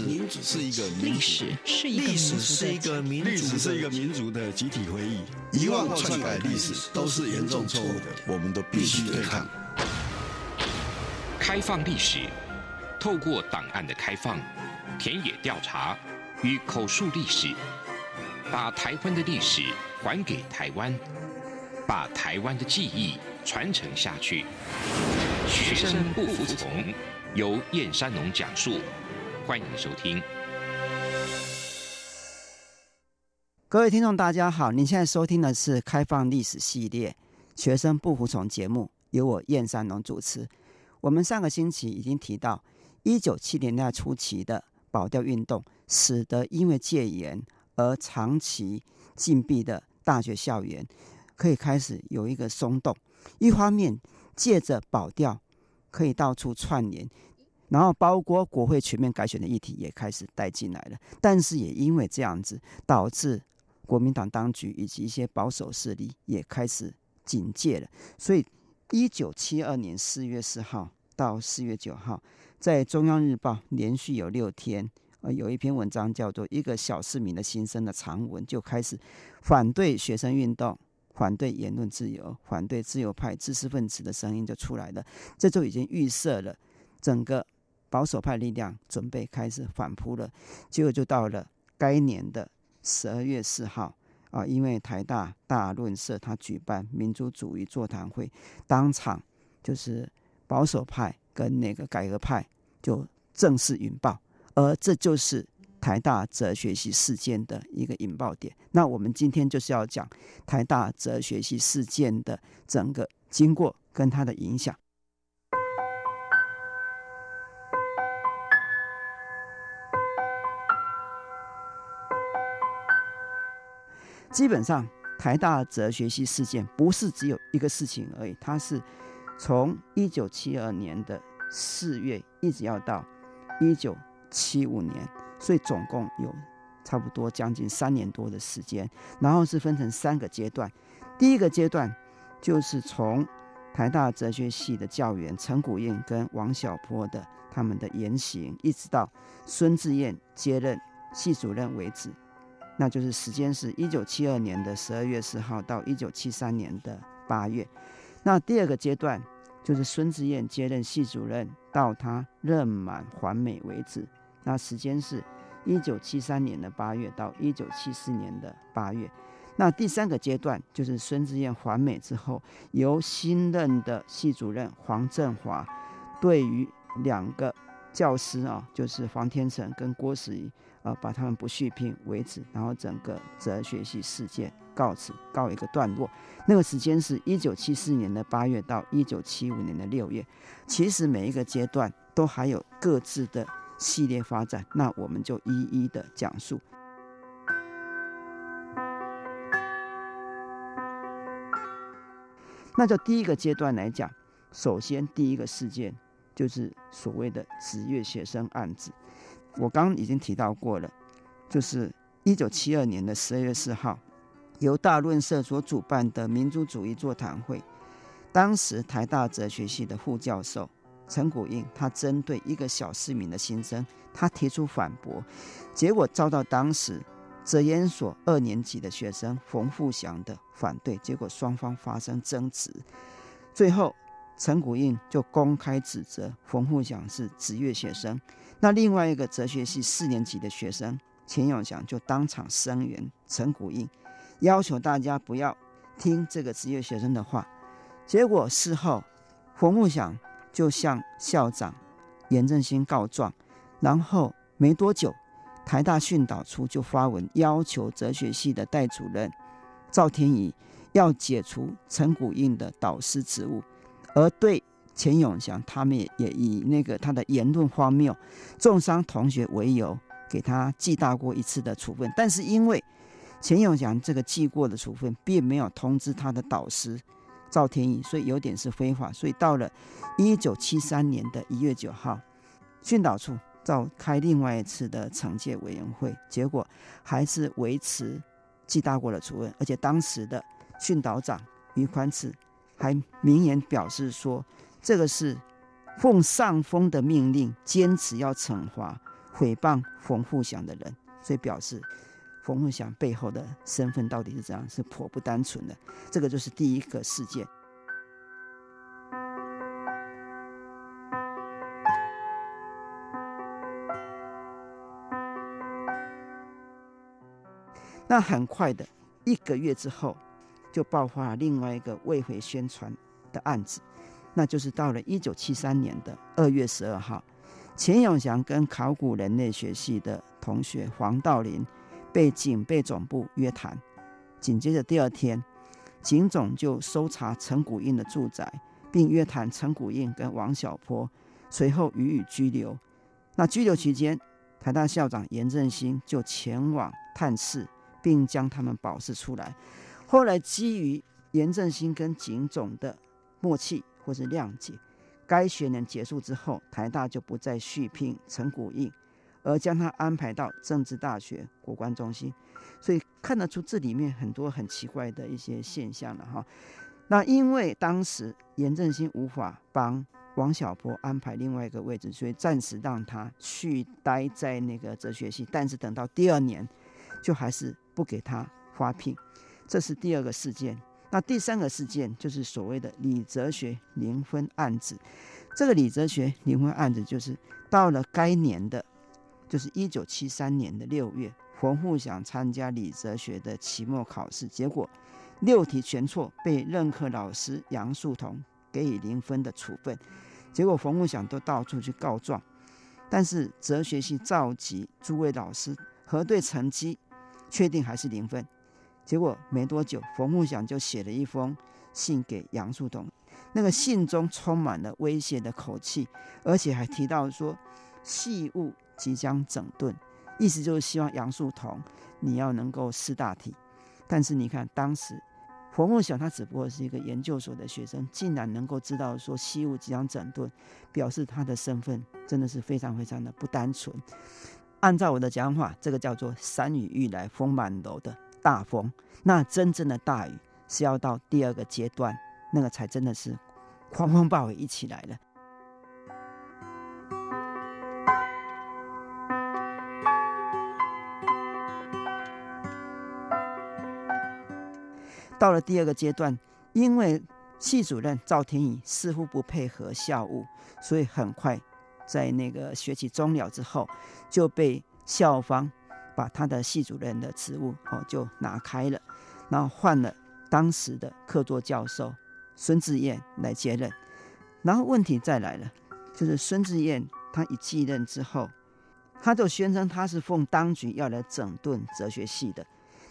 歷史是一個歷史是一個民族的歷史是一個民族的集體回憶，遺忘篡改歷史都是嚴重錯誤的，我們都必須對抗。開放歷史，透過檔案的開放、田野調查與口述歷史，把台灣的歷史還給台灣，把台灣的記憶傳承下去。學生不服從，由燕山農講述。歡迎收聽，各位聽眾，大家好。您現在收聽的是《開放歷史》系列《學生不服從》節目，由我燕三龍主持。我們上個星期已經提到，一九七零年代初期的保釣運動，使得因為戒嚴而長期禁閉的大學校園，可以開始有一個鬆動。一方面，借着保釣，可以到處串聯。然後，包括國會全面改選的議題也開始帶進來了，但是也因為這樣子，導致國民黨當局以及一些保守勢力也開始警戒了。所以，一九七二年四月四號到四月九號，在中央日報連續有六天，呃，有一篇文章叫做《一個小市民的心聲》的長文，就開始反對學生運動，反對言論自由，反對自由派知識分子的聲音就出來了。這就已經預設了整個。保守派力量準備開始反撲了，結果就到了該年的十二月四號啊，因為台大大論社他舉辦民族主義座談會，當場就是保守派跟那個改革派就正式引爆，而這就是台大哲學系事件的一個引爆點。那我們今天就是要講台大哲學系事件的整個經過跟它的影響。基本上，台大哲學系事件不是只有一個事情而已，它是從一九七二年的四月一直要到一九七五年，所以總共有差不多將近三年多的時間。然後是分成三個階段，第一個階段就是從台大哲學系的教員陳鼓應跟王曉波的他們的言行，一直到孫智燊接任系主任為止。那就是時間是一九七二年的十二月十號到一九七三年的八月，那第二個階段就是孫智燊接任系主任到他任滿還美為止，那時間是一九七三年的八月到一九七四年的八月，那第三個階段就是孫智燊還美之後，由新任的系主任黃振華對於兩個教師啊，就是黃天成跟郭實渝啊，把他們不續聘為止，然後整個哲學系事件告辭告一個段落。那個時間是一九七四年的八月到一九七五年的六月。其實每一個階段都還有各自的系列發展，那我們就一一的講述。那就第一個階段來講，首先第一個事件。就是所謂的職業學生案子，我剛剛已經提到過了，就是一九七二年的十二月四號，由大論社所主辦的民族主義座談會。當時台大哲學系的副教授陳鼓應，他針對一個小市民的心聲，他提出反駁，結果遭到當時哲研所二年級的學生馮滬祥的反對，結果雙方發生爭執，最後。陳古印就公開指責馮滬祥是職業學生，那另外一個哲學系四年級的學生錢永祥就當場聲援陳鼓應，要求大家不要聽這個職業學生的話。結果事後，馮滬祥就向校長閻振興告狀，然後沒多久，台大訓導處就發文要求哲學系的代主任趙天儀要解除陳鼓應的導師職務。而對錢永祥，他們也，也以那個他的言論荒謬，重傷同學為由，給他記大過一次的處分。但是因為錢永祥這個記過的處分，並沒有通知他的導師趙天儀，所以有點是非法。所以到了一九七三年的一月九號，訓導處召開另外一次的懲戒委員會，結果還是維持記大過的處分。而且當時的訓導長俞寬賜。還明言表示說，這個是奉上峰的命令，堅持要懲罰誹謗馮滬祥的人，所以表示馮滬祥背後的身份到底是怎樣，是頗不單純的。這個就是第一個事件。那很快的，一個月之後。就爆發了另外一個為匪宣傳的案子，那就是到了一九七三年的二月十二號，錢永祥跟考古人類學系的同學黃道琳被警備總部約談，緊接着第二天，警總就搜查陳鼓應的住宅，並約談陳鼓應跟王曉波，隨後予以拘留。那拘留期間，台大校長閻振興就前往探視，並將他們保釋出來。後來基於閻振興跟警總的默契或是諒解，該學年結束之後，台大就不再續聘陳鼓應，而將他安排到政治大學國關中心。所以看得出這裡面很多很奇怪的一些現象了哈。那因為當時閻振興無法幫王曉波安排另外一個位置，所以暫時讓他去待在那個哲學系。但是等到第二年，就還是不給他發聘。這是第二個事件，那第三個事件就是所謂的理則學零分案子。這個理則學零分案子，就是到了該年的，就是一九七三年的六月，馮滬祥參加理則學的期末考試，結果六題全錯，被任課老師楊樹桐給予零分的處分。結果馮滬祥都到處去告狀，但是哲學系召集諸位老師核對成績，確定還是零分。結果沒多久，馮木祥就寫了一封信給楊樹桐，那個信中充滿了威脅的口氣，而且還提到說系務即將整頓，意思就是希望楊樹桐你要能夠識大體。但是你看，當時馮夢祥他只不過是一個研究所的學生，竟然能夠知道說系務即將整頓，表示他的身份真的是非常非常的不單純。按照我的講法，這個叫做山與玉“山雨欲來風滿樓”的。大風，那真正的大雨是要到第二個階段，那個才真的是狂風暴雨一起來了。到了第二個階段，因為系主任趙天儀似乎不配合校務，所以很快在那個學期終了之後，就被校方。把他的系主任的職務哦就拿開了，然後換了當時的客座教授孫智燊來接任，然後問題再來了，就是孫智燊他一繼任之後，他就宣稱他是奉當局要來整頓哲學系的，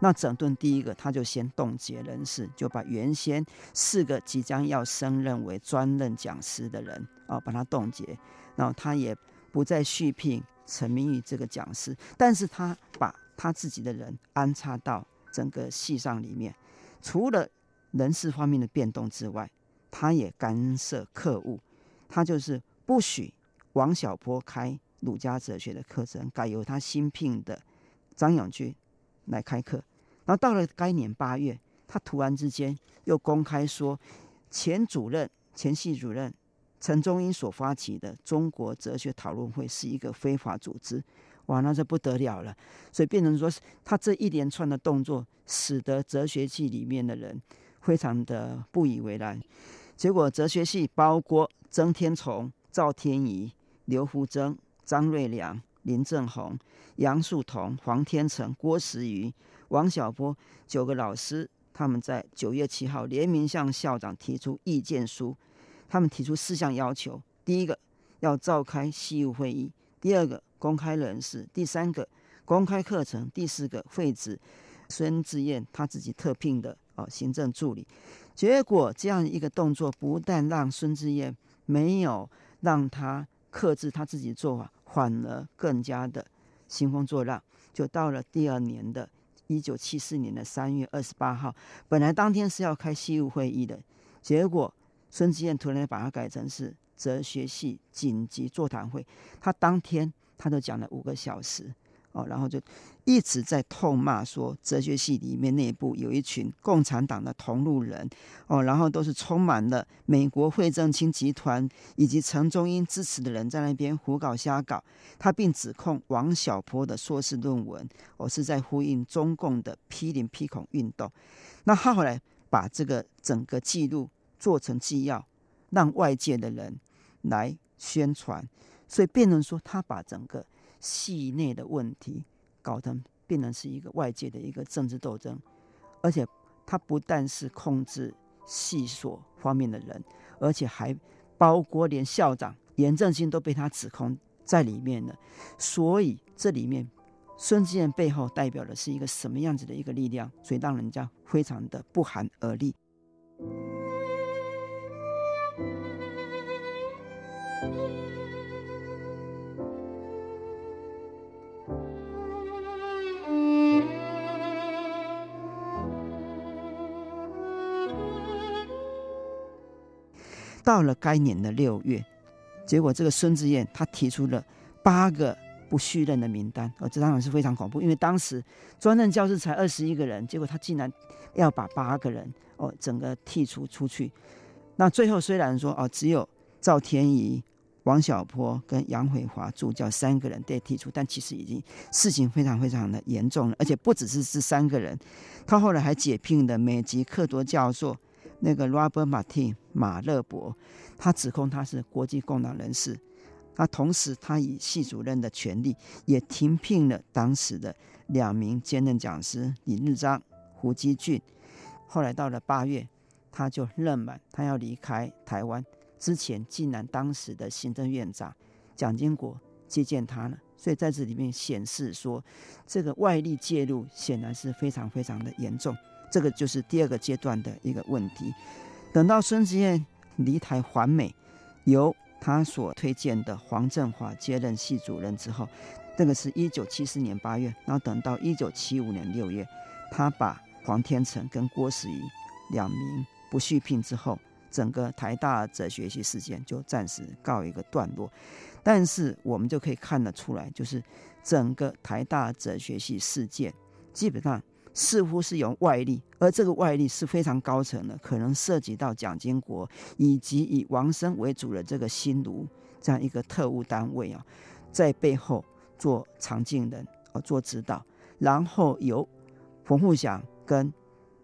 那整頓第一個他就先凍結人事，就把原先四個即將要升任為專任講師的人啊把他凍結，然後他也不再續聘。沉迷於這個講師，但是他把他自己的人安插到整個系上裡面，除了人事方面的變動之外，他也干涉課務，他就是不許王小波開儒家哲學的課程，改由他新聘的張永軍來開課。然後到了該年八月，他突然之間又公開說，前主任、前系主任。陳中英所發起的中國哲學討論會是一個非法組織，哇，那就不得了了。所以變成說，他這一連串的動作，使得哲學系裡面的人非常的不以為然。結果，哲學系包括曾天從、趙天儀、劉福增、張瑞良、林正宏、楊樹桐、黃天成、郭實渝、王曉波九個老師，他們在九月七號聯名向校長提出意見書。他們提出四項要求：第一個要召開系務會議，第二個公開人事，第三個公開課程，第四個廢止孫智燊他自己特聘的哦行政助理。結果這樣一個動作，不但讓孫智燊沒有讓他克制他自己的做法，反而更加的興風作浪。就到了第二年的1974年的3月28號，本來當天是要開系務會議的，結果。孫子燕突然把它改成是哲學系緊急座談會，他當天他就講了五個小時哦，然後就一直在痛罵說哲學系裡面內部有一群共產黨的同路人哦，然後都是充滿了美國惠政清集團以及陳中英支持的人在那邊胡搞瞎搞。他並指控王曉波的碩士論文哦是在呼應中共的批林批孔運動。那他後來把這個整個記錄。做成紀要，讓外界的人來宣傳，所以變成說他把整個系內的問題搞成變成是一個外界的一個政治鬥爭，而且他不但是控制系所方面的人，而且還包括連校長閻振興都被他指控在裡面了，所以這裡面孫智燊背後代表的是一個什麼樣子的一個力量，所以讓人家非常的不寒而慄。到了該年的六月，結果這個孫智燊他提出了八個不續任的名單，哦，這當然是非常恐怖，因為當時專任教師才二十一個人，結果他竟然要把八個人哦整個剔除出去。那最後雖然說哦，只有趙天儀王小波跟楊偉華助教三個人被踢出，但其實已經事情非常非常的嚴重了，而且不只是這三個人，他後來還解聘了美籍客座教授那個 Robert Martin，馬樂伯，他指控他是國際共黨人士。他同時他以系主任的權力也停聘了當時的兩名兼任講師李日章、胡基俊。後來到了八月，他就任滿，他要離開台灣。之前竟然當時的行政院長蔣經國接見他了，所以在這裡面顯示說，這個外力介入顯然是非常非常的嚴重，這個就是第二個階段的一個問題。等到孫智燊離臺返美，由他所推薦的黃振華接任系主任之後，這個是一九七四年八月，然後等到一九七五年六月，他把黃天成跟郭實渝兩名不續聘之後。整個台大哲學系事件就暫時告一個段落，但是我們就可以看得出來，就是整個台大哲學系事件，基本上似乎是有外力，而這個外力是非常高層的，可能涉及到蔣經國以及以王昇為主的這個新儒這樣一個特務單位啊，在背後做藏鏡人啊、哦、做指導，然後由馮滬祥跟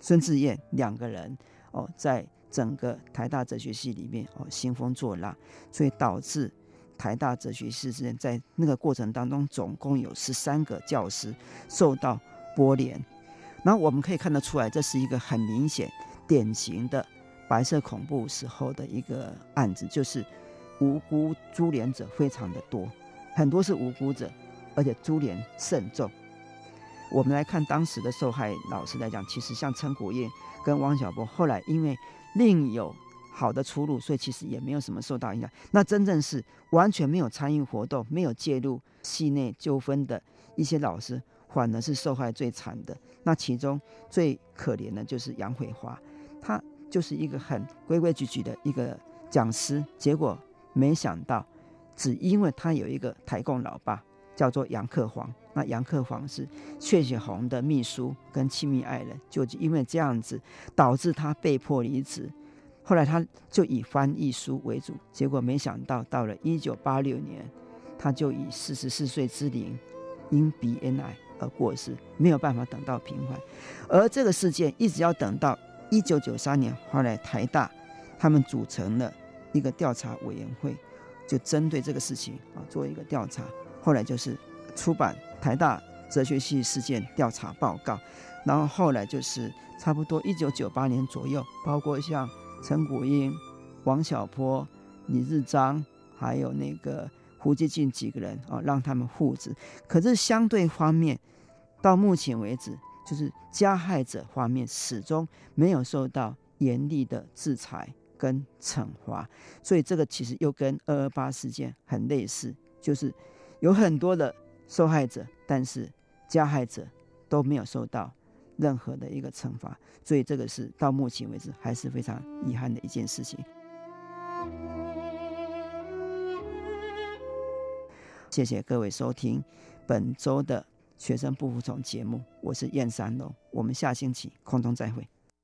孫志燕兩個人哦在，整個台大哲學系裡面哦，興風作浪，所以導致台大哲學系之間在那個過程當中，總共有十三個教師受到牽連。那我們可以看得出來，這是一個很明顯、典型的白色恐怖時候的一個案子，就是無辜株連者非常的多，很多是無辜者，而且株連甚重。我們來看當時的受害老師來講，其實像陳鼓應跟王曉波，後來因為另有好的出路，所以其實也沒有什麼受到影響。那真正是完全沒有參與活動、沒有介入系內糾紛的一些老師，反而是受害最慘的。那其中最可憐的就是楊惠華，她就是一個很規規矩矩的一個講師，結果沒想到，只因為她有一個台共老爸。叫做楊克煌，那楊克煌是闕雪紅的秘書跟親密愛人，就因為這樣子導致他被迫離職。後來他就以翻譯書為主，結果沒想到到了一九八六年，他就以四十四歲之齡因鼻咽癌而過世，沒有辦法等到平反。而這個事件一直要等到一九九三年，後來台大他們組成了一個調查委員會，就針對這個事情啊做一個調查。後來就是出版台大哲學系事件調查報告，然後後來就是差不多一九九八年左右，包括像陳鼓應、王曉波、李日章，還有那個胡基峻幾個人啊、哦，讓他們復職。可是相對方面，到目前為止，就是加害者方面始終沒有受到嚴厲的制裁跟懲罰，所以這個其實又跟二二八事件很類似，就是。有很多的受害者，但是加害者都沒有受到任何的一個懲罰，所以這個是到目前為止還是非常遺憾的一件事情。謝謝各位收聽本周的學生不服從節目，我是燕三樓，我們下星期空中再會。